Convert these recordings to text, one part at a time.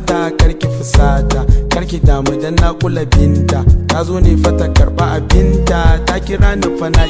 bukata karki fusata karki damu dan na kula binta ta zo ne fata karba abinta ta kira ni fa na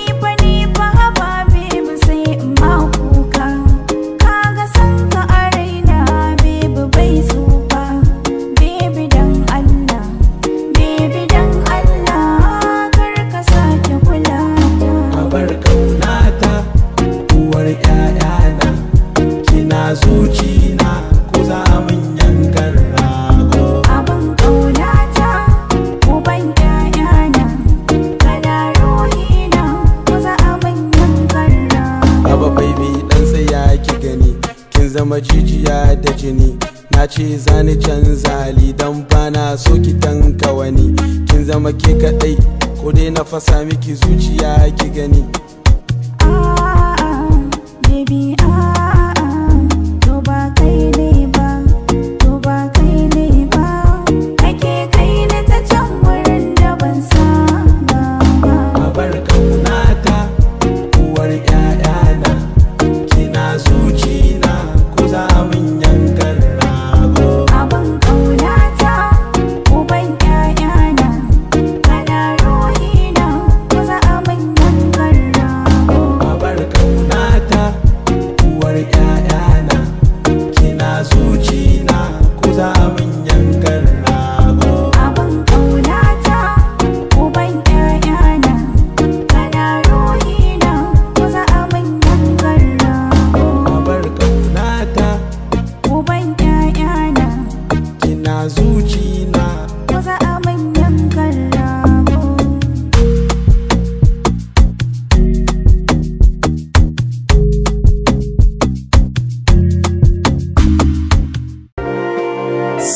zama jijiya da jini na ce zani canza dan don bana so ki tanka wani kin zama ke kadai ko dai na fasa miki zuciya ki gani